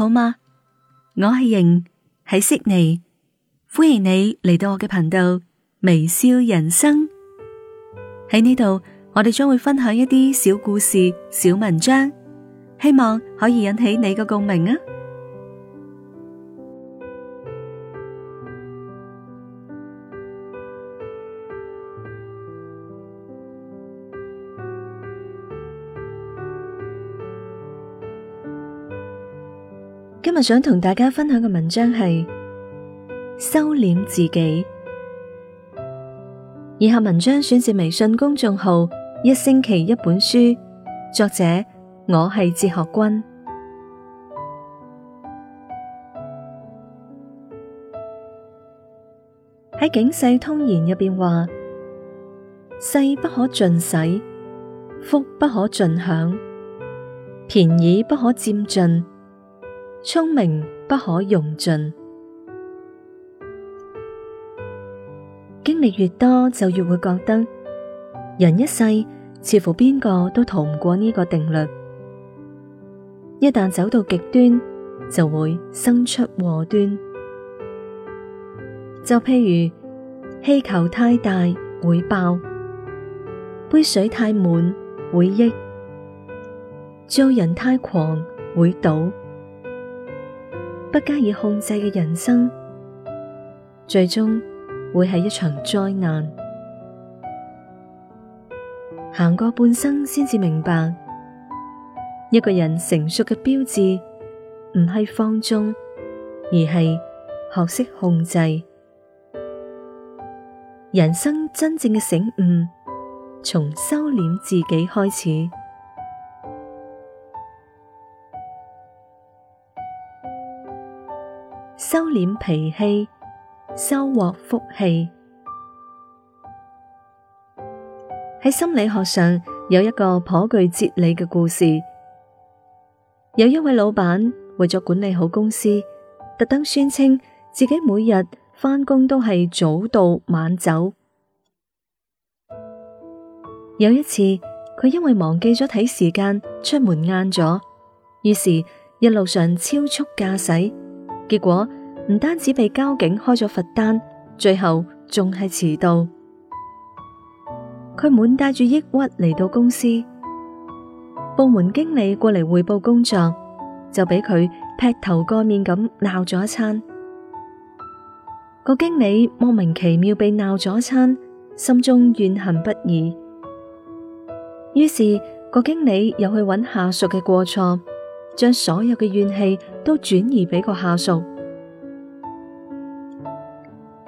好嗎？我係瑩，喺悉尼，歡迎你嚟到我嘅頻道微笑人生。喺呢度，我哋將會分享一啲小故事、小文章，希望可以引起你嘅共鳴啊。今日想同大家分享嘅文章係收斂自己。以下文章選自微信公眾號《一星期一本書》，作者我係哲學君。喺《警世通言》入邊話：世不可盡使，福不可盡享，便宜不可占盡。聰明不可用盡，經歷越多就越會覺得人一世似乎邊個都逃唔過呢個定律。一旦走到極端，就會生出禍端。就譬如氣球太大會爆，杯水太滿會溢，做人太狂會倒。不加以控制嘅人生，最終會係一場災難。行過半生，先至明白，一個人成熟嘅標誌，唔係放縱，而係學識控制。人生真正嘅醒悟，從收斂自己開始。收斂脾氣，收穫福氣。喺心理學上有一個頗具哲理嘅故事。有一位老闆為咗管理好公司，特登宣稱自己每日翻工都係早到晚走。有一次，佢因為忘記咗睇時間，出門晏咗，於是一路上超速駕駛，結果，唔單止被交警開咗罰單，最後仲係遲到。佢滿帶住抑鬱嚟到公司，部門經理過嚟匯報工作，就俾佢劈頭蓋面咁鬧咗一餐。個經理莫名其妙被鬧咗一餐，心中怨恨不已。於是，個經理又去揾下屬嘅過錯，將所有嘅怨氣都轉移俾個下屬。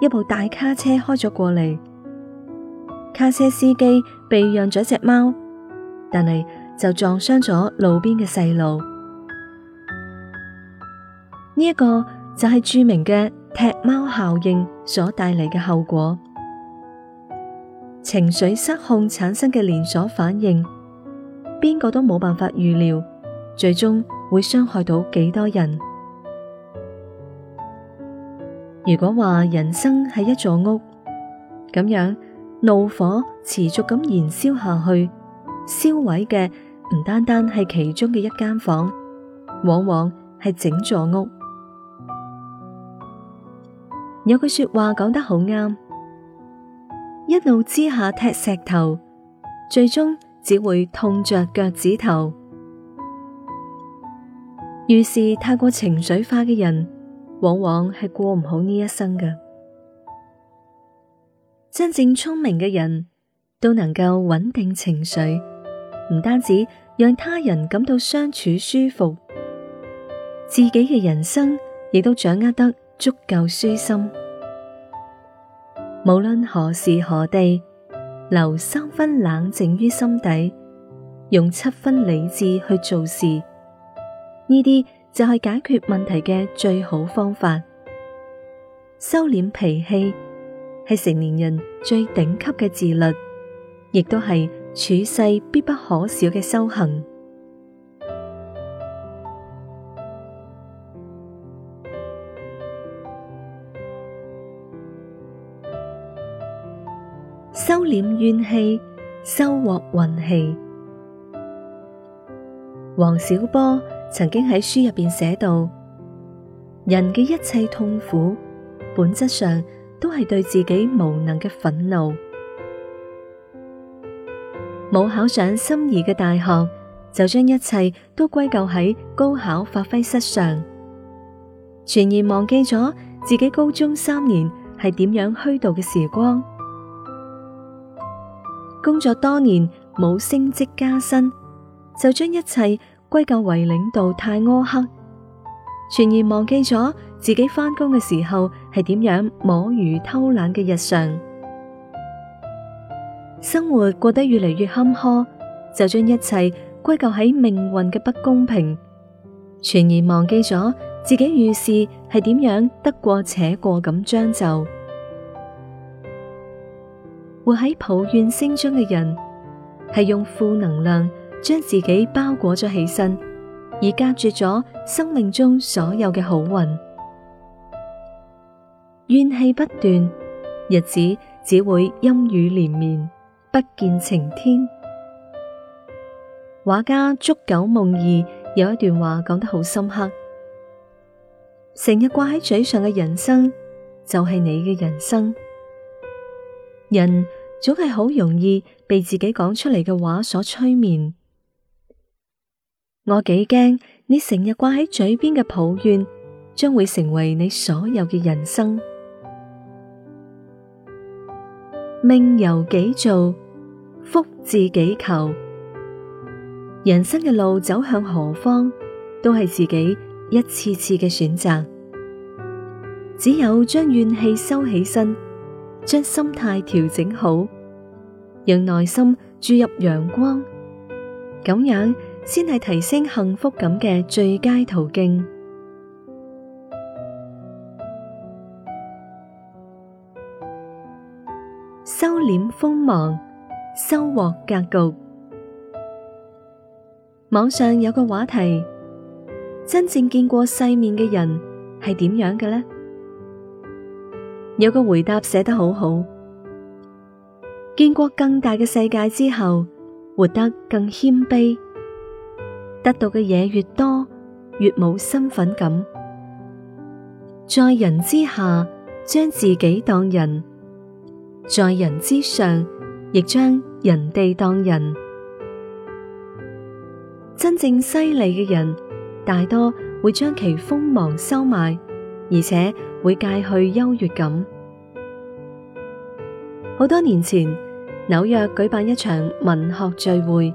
一部大卡車開咗過嚟，卡車司機避讓咗隻貓，但係就撞傷咗路邊嘅細路。呢一個就係著名嘅踢貓效應所帶嚟嘅後果，情緒失控產生嘅連鎖反應，邊個都冇辦法預料，最終會傷害到幾多人。如果話人生係一座屋，咁樣怒火持續咁燃燒下去，燒毀嘅唔單單係其中嘅一間房，往往係整座屋。有句說話講得好啱：一怒之下踢石頭，最終只會痛着腳趾頭。於是太過情緒化嘅人。往往係過唔好呢一生嘅，真正聰明嘅人都能夠穩定情緒，唔單止讓他人感到相處舒服，自己嘅人生亦都掌握得足夠舒心。無論何時何地，留三分冷靜於心底，用七分理智去做事，呢啲。就係解決問題嘅最好方法。收斂脾氣係成年人最頂級嘅自律，亦都係處世必不可少嘅修行。收斂怨氣，收穫運氣。王小波。曾經喺書入邊寫到，人嘅一切痛苦，本質上都係對自己無能嘅憤怒。冇考上心儀嘅大學，就將一切都歸咎喺高考發揮失常，全然忘記咗自己高中三年係點樣虛度嘅時光。工作多年，冇升職加薪，就將一切。歸咎為領導太苛刻，全然忘記咗自己返工嘅時候係點樣摸魚偷懶嘅日常，生活過得越嚟越坎坷，就將一切歸咎喺命運嘅不公平，全然忘記咗自己遇事係點樣得過且過咁將就，活喺抱怨聲中嘅人係用負能量，將自己包裹咗起身，而隔絕咗生命中所有嘅好運，怨氣不斷，日子只會陰雨連綿，不見晴天。畫家竹久夢二有一段話講得好深刻，成日掛喺嘴上嘅人生就係你嘅人生，人總係好容易被自己講出嚟嘅話所催眠。我幾驚你成日掛喺嘴邊嘅抱怨，將會成為你所有嘅人生。命由己造，福自己求。人生嘅路走向何方，都係自己一次次嘅選擇。只有將怨氣收起身，將心態調整好，讓內心注入陽光，咁樣。先係提升幸福感嘅最佳途徑。收斂鋒芒，收穫格局。網上有個話題：真正見過世面嘅人係點樣嘅呢？有個回答寫得好好。見過更大嘅世界之後，活得更謙卑。得到嘅嘢越多，越冇身份感。在人之下，將自己當人；在人之上，亦將人哋當人。真正犀利嘅人，大多會將其鋒芒收埋，而且會戒去優越感。好多年前，紐約舉辦一場文學聚會。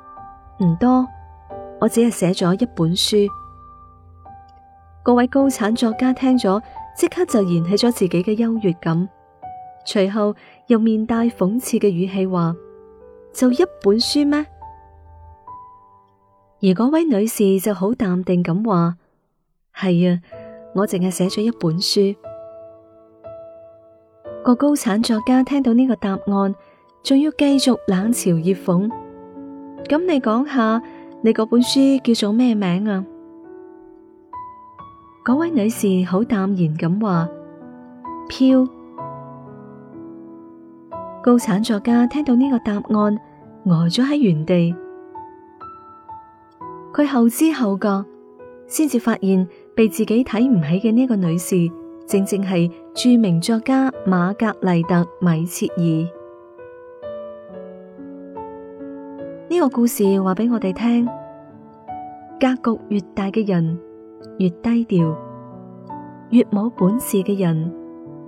唔多，我只係寫咗一本書。各位高產作家聽咗，即刻就燃起咗自己嘅優越感，隨後又面帶諷刺嘅語氣話：就一本書咩？而嗰位女士就好淡定咁話：係啊，我淨係寫咗一本書。個高產作家聽到呢個答案，仲要繼續冷嘲熱諷。咁你講下你嗰本書叫做咩名啊？嗰位女士好淡然咁話：飄。高產作家聽到呢個答案，呆咗喺原地。佢後知後覺，先至發現被自己睇唔起嘅呢個女士，正正係著名作家瑪格麗特·米切爾。個故事話俾我哋聽：格局越大嘅人越低調，越冇本事嘅人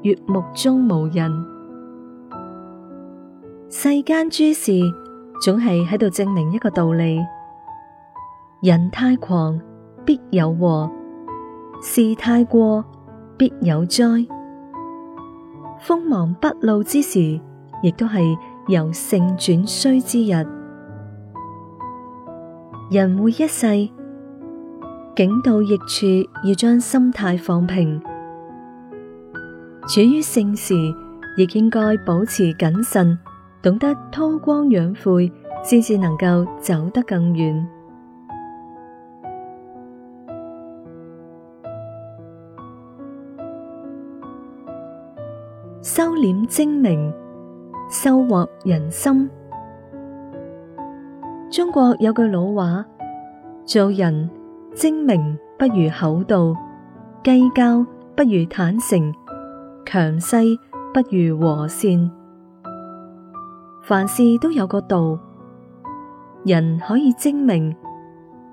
越目中無人。世間諸事總係喺度證明一個道理：人太狂必有禍，事太過必有災。鋒芒不露之時，亦都係由盛轉衰之日。人活一世，境到逆處要將心態放平；處於盛時，亦應該保持謹慎，懂得韜光養晦，先至能夠走得更遠。收斂精明，收獲人心。中國有句老話：做人精明不如厚道，計較不如坦誠，強勢不如和善。凡事都有個度，人可以精明，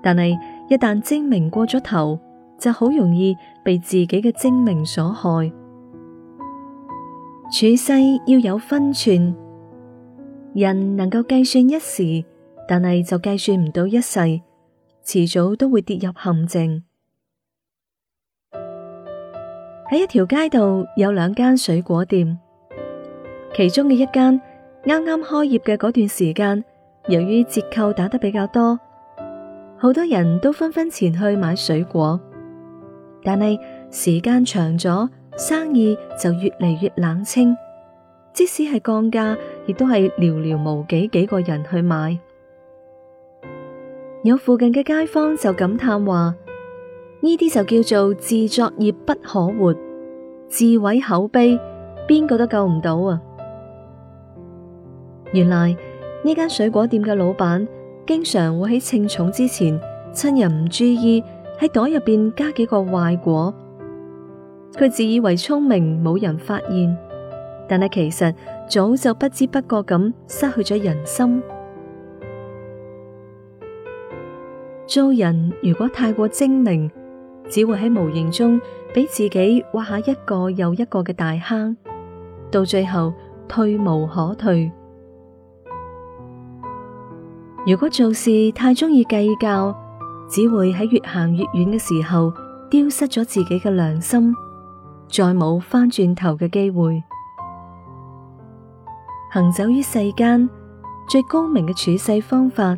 但係一旦精明過咗頭，就好容易被自己嘅精明所害。處世要有分寸，人能夠計算一時。但係就計算唔到一世，遲早都會跌入陷阱。喺一條街道有兩間水果店，其中嘅一間啱啱開業嘅嗰段時間，由於折扣打得比較多，好多人都紛紛前去買水果。但係時間長咗，生意就越嚟越冷清，即使係降價，亦都係寥寥無幾幾個人去買。有附近嘅街坊就感嘆話：呢啲就叫做自作孽不可活，自毀口碑，邊個都救唔到啊！原來呢間水果店嘅老闆經常會喺稱重之前，趁人唔注意喺袋入邊加幾個壞果，佢自以為聰明，冇人發現，但係其實早就不知不覺咁失去咗人心。做人如果太過精明，只會喺無形中俾自己挖下一個又一個嘅大坑，到最後退無可退。如果做事太中意計較，只會喺越行越遠嘅時候，丟失咗自己嘅良心，再冇返轉頭嘅機會。行走於世間，最高明嘅處世方法，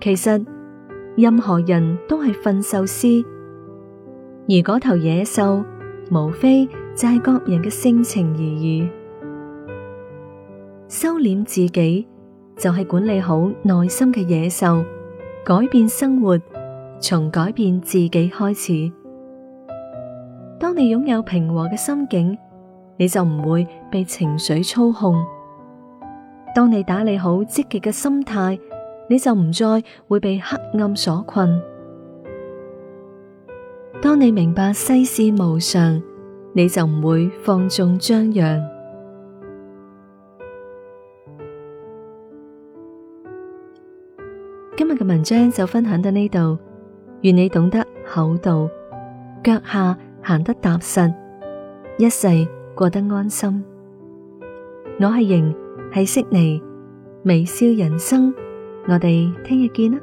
其實，任何人都係馴獸師，而嗰頭野獸，無非就係各人嘅性情而已。收斂自己，就係管理好內心嘅野獸，改變生活，從改變自己開始。當你擁有平和嘅心境，你就唔會被情緒操控；當你打理好積極嘅心態。你就唔再會被黑暗所困。當你明白世事無常，你就唔會放縱張揚。今日嘅文章就分享到呢度。願你懂得厚道，腳下行得踏實，一世過得安心。我係瑩，係悉尼，微笑人生。我哋聽日見啦。